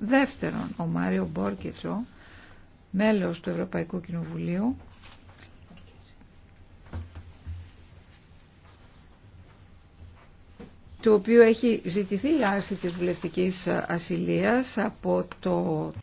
Δεύτερον, ο Μάριο Μπόρκετσο, μέλος του Ευρωπαϊκού Κοινοβουλίου, το οποίο έχει ζητηθεί η άρση της βουλευτικής ασυλίας από το